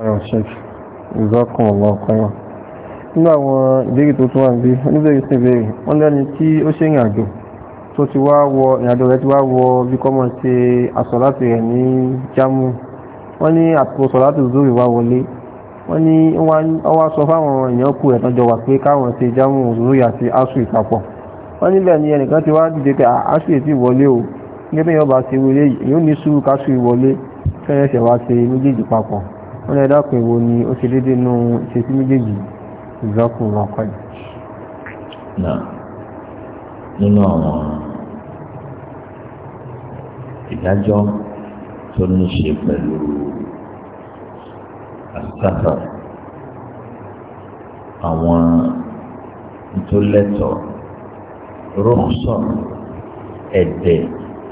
ọ̀rọ̀ ṣẹ́kì ìzọ́kùn ọ̀lọ́kọ̀ọ́yọ̀ nínú àwọn ìbéèrè tó tún wà níbí oníbẹ̀rẹ̀ sí ìbéèrè wọ́n lẹ́ni tí ó ṣe ìrìn àjò tó ti wá wọ ìrìn àjò rẹ̀ ti wá wọ bí kọ́mọ̀ ṣe àsọ̀ láti rẹ̀ ní jámù wọ́n ní àtúnṣọ láti zórí wá wọlé wọ́n ní ọwá sọ fáwọn èèyàn kù ẹ̀tàn jọ wà pé káwọn ṣe jámù zórí àti aṣù ìpapọ̀ wọ́n níbẹ̀ ni ẹnìkan ti wá dìde pé aṣù ètí ìwọlé o gẹ́gẹ́ bí yọba ṣe wọlé yìí ní sùúrù káṣù ìwọlé fẹ́rẹ̀ṣẹ̀ wá ṣe méjèèjì papọ̀ wọ́n lè dákùn ìwò ni ó ṣe dédé nú ìṣesí méjèèjì ìzọ́kùn ọkọ̀ yìí. náà nínú àwọn ìdájọ́ tó ní ṣe pẹ̀lú àṣàfà àwọn ìtòlẹ́tọ̀ rọ́ọ̀sọ̀ ẹ̀dẹ̀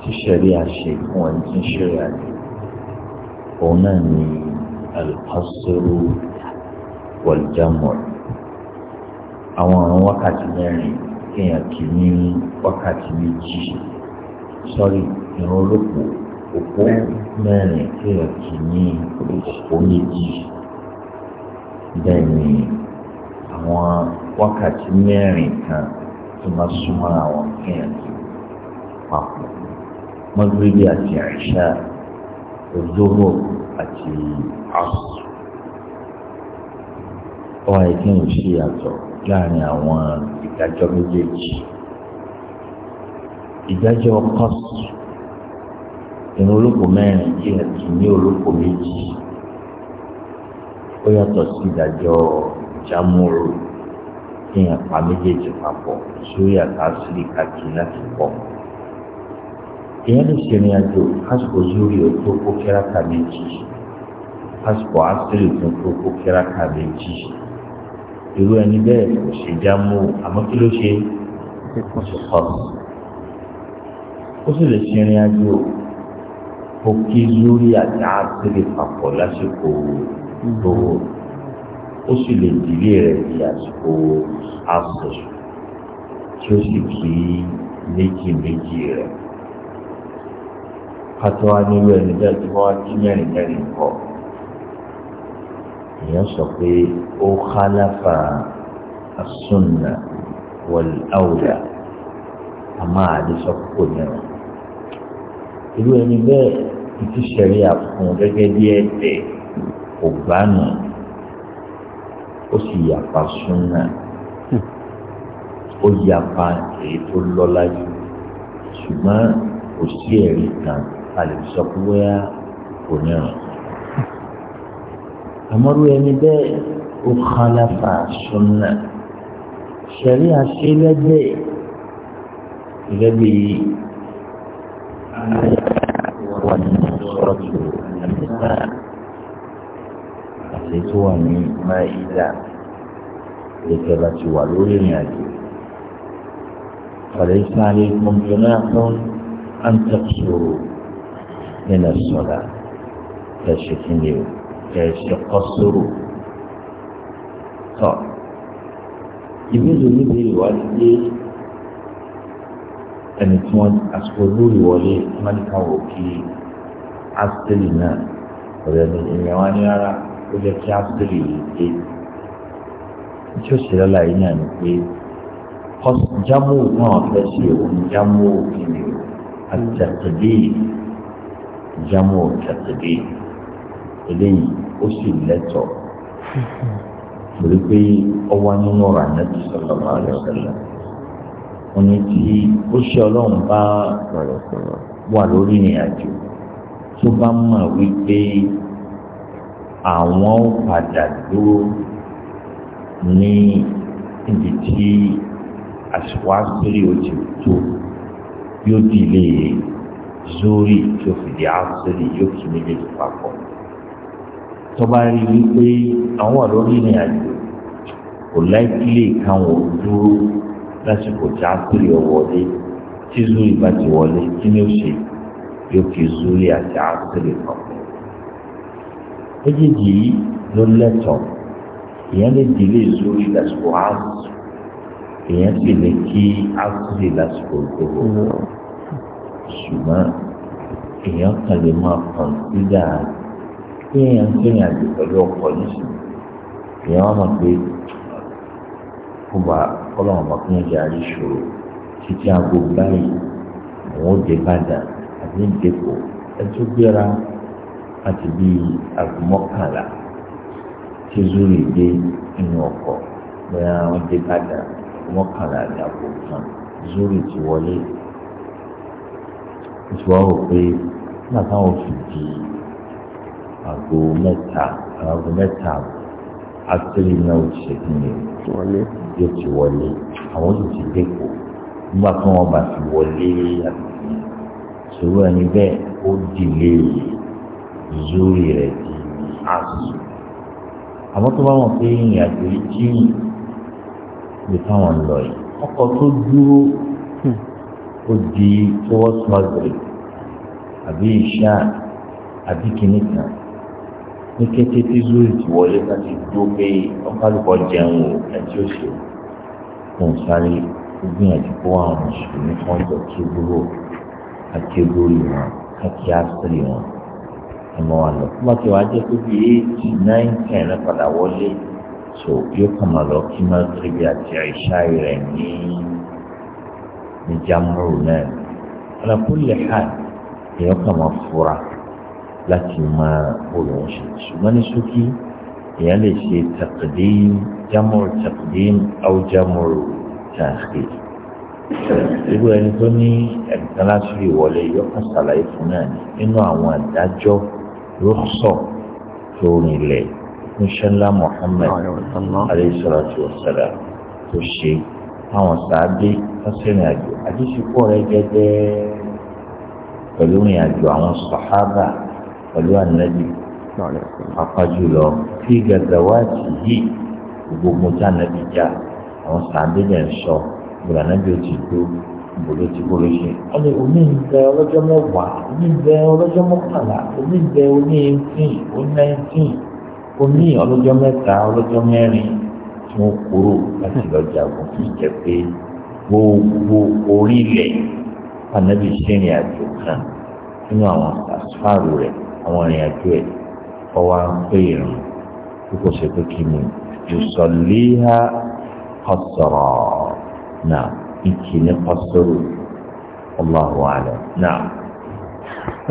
tíṣẹ̀rí àṣẹ fún ẹni tí ń ṣe rẹ̀ àjò òun náà ni alqasr wal-jamu' àwọn ọ̀ràn wákàtí mẹ́rin kéèyàn kì í ní wákàtí méjì sọ́rí ìran olóko òpó mẹ́rin kéèyàn kì í ní òpó méjì bẹ́ẹ̀ ni àwọn wákàtí mẹ́rin kan tó máa súnmọ́ àwọn kéèyàn kì í papọ̀ mọ́gírídì àti àṣà òdòmò àti asù ọ̀hún ẹ̀kí ń ṣe àtọ̀ láàrin àwọn ìdájọ́ méjèèjì ìdájọ́ kọ́sù ìrìn olóko mẹ́rin kí ẹ̀ tún ní olóko méjì ó yàtọ̀ sí ìdájọ́ jámúrò kí ẹ̀ pa méjèèjì papọ̀ sórí àtàsílì káàkiri láti pọ̀ mọ́ èèyàn lè ṣèrìn àjò pásítọ̀ zúrì tó kó kíráka méjì pásítọ̀ ásírì tó kó kó kíráka méjì irú ẹni bẹ́ẹ̀ kò ṣe jámú àmọ́ kí ló ṣe kó ṣe kọ́ọ̀sì ó sì lè ṣèrìn àjò kó kí zúrì àti ásírì papọ̀ lásìkò lówó ó sì lè dìlé rẹ̀ di àsìkò ásírì tí ó sì kí méjì méjì rẹ̀ kátó wá nílò ẹni bẹ́ẹ̀ tí wọ́n jí mẹ́rin mẹ́rin kọ́ èèyàn sọ pé ó khalafa as-sunna wal awla àmọ́ àdìsọ́ kò nírun irú ẹni bẹ́ẹ̀ ìtú sẹ̀rí àfún gẹ́gẹ́ bí ẹ̀dẹ̀ kò bá nù ó sì yàpa súnà ó yàpa èyí tó lọ́lá jù ṣùgbọ́n kò sí ẹ̀rí kan a lè sọ pé bóyá kò ní ràn. àmọ́rú ẹni bẹ́ẹ̀ ó khalafa sunna ṣẹ̀rí àṣelẹ́gbẹ́ gẹ́gẹ́ bí wà ní tó àmìta àti tó wà ní lẹ́kẹ̀ bá wà lórí ìrìn àjò. فليس عليكم جناح أن تقصروا nínú ìsọ̀dà kẹ̀sì kìíní o kẹ̀sì kọ́sọ́rò tọ́ ìbéèrè oníbèrè wà lé ẹni tí wọ́n àsìkò lórí wọlé amẹ́ríkà wò kí ástẹ́lì náà ọ̀rẹ́ mi ìrìn àwọn ní rárá ó jẹ́ kí ástẹ́lì yìí dé tí ó sì lọ́la yìí náà ni pé jámù náà fẹ́ ṣe òun jámù òkèèrè àti àtẹ̀lé yìí jámọ̀ tàtẹ̀lé eléyìí ó sì lẹ́tọ̀ torí pé ọwọ́ nínú ọ̀rọ̀ ànábì sallallahu alaihi wasallam wọn ni tí ó ṣe ọlọ́run bá wà lórí ìrìn àjò tó bá mọ̀ wípé àwọn padà dúró ní ibi tí àṣìwá sírí ó tó yóò di ilé zórí tó fi di àṣírí yóò kí méjèèjì papọ̀ tọ́ba rí wípé àwọn àlórí ìrìn àjò kò láìpílẹ̀ káwọn dúró lásìkò tí àṣírí ọwọ́lé tí zórí bá ti wọlé kí ni ó ṣe yóò kí zórí àti àṣírí papọ̀ méjèèjì yìí ló lẹ́tọ̀ọ́ èèyàn lè délé zórí lásìkò àṣírí èèyàn sì lè kí àṣírí lásìkò ìgbòho ṣùgbọ́n èèyàn kan lè máa kọ̀ǹsídà pé èèyàn ń rìn àjò pẹ̀lú ọkọ̀ yìí èèyàn wá mọ̀ pé kó bá ọlọ́run bá fún ìjà rí ṣòro títí aago báyìí àwọn òde bàdà àti ìdẹ́kọ̀ ẹtú gbéra láti bí aago mọ́kànlá tí zúrì dé inú ọkọ̀ bóyá wọ́n dé bàdà mọ́kànlá ní aago kan zúrì ti wọlé ìṣòwò rò pé nígbà táwọn fi di aago mẹ́ta aago mẹ́ta àtúrì náà ó ti ṣètò ní yóò ti wọlé àwọn yóò ti dẹ́kọ̀ nígbà tí wọ́n bá ti wọlé àbẹ̀fẹ́ ìṣòro ẹni bẹ́ẹ̀ ó dìlé ìzórí rẹ̀ di àṣù àmọ́ tó bá wọn pé ìrìn àjò yìí jíyìn lè fáwọn lọ yìí ọkọ̀ tó dúró hmm ó di towards Maghrib àbí ìṣá àbí kìíní kan ní kété tí zuri ti wọlé láti dúró pé ọkàlùkọ jẹun o ẹtí ó ṣe òun sáré gbìyànjú kó àwọn mùsùlùmí kan jọ kí gbúrò àti lórí wọn káàkiri àṣírí wọn ẹmọ wa lọ fún bàtí wàá jẹ pé bí eighty nine ten padà wọlé so yóò kàn máa lọ kí má tóbi àti àìsá rẹ ní ní jámúrù náà alákùnlé ha èèyàn kàn máa fura láti máa olùwọ́n ṣe ṣùgbọ́n ní ṣókí èèyàn lè ṣe taqdim jámúrù taqdim aw jámúrù ta'khir irú ẹni tó ní ẹ̀gbọ́n láti rí ìwọlé yọkàn ṣàlàyé fún náà nínú àwọn àdájọ́ rọ́ṣọ̀ tó rìnlẹ̀ fún ṣẹlá Muhammad alayhi salatu wa salam tó ṣe táwọn sàábé lọ́sẹ̀rìn àjò àdísìkò rẹ̀ gẹ́gẹ́ pẹ̀lú ìrìn àjò àwọn sàhábà pẹ̀lú ànábì àpájùlọ fi gàgàwáàtì yìí gbogbo tí ànábì já àwọn sàábé lẹ̀ ń sọ ìgbà ànábì ó ti dó ìbòló ti kóró ṣe. wọ́n lè omi ń bẹ ọlọ́jọ́ mẹ́wàá omi ń bẹ ọlọ́jọ́ mọ́kànlá omi ń bẹ oní eighteen oní nineteen oní ọlọ́jọ́ mẹ́ta ọlọ́jọ́ mẹ́rin tí wọ́n kúrò láti lọ jagun kì í jẹ́ pé gbogbo orílẹ̀ anabi sẹ́yìn àjò kan nínú àwọn àsùfáàrù rẹ̀ àwọn ìrìn àjò ẹ̀ ọwọ́ pé ìrìn kókò ṣe pé kí ni yusọ̀líhà kọsọ̀rọ̀ náà ìkíni kọsọ̀rọ̀ ọlọ́run àlẹ́ náà.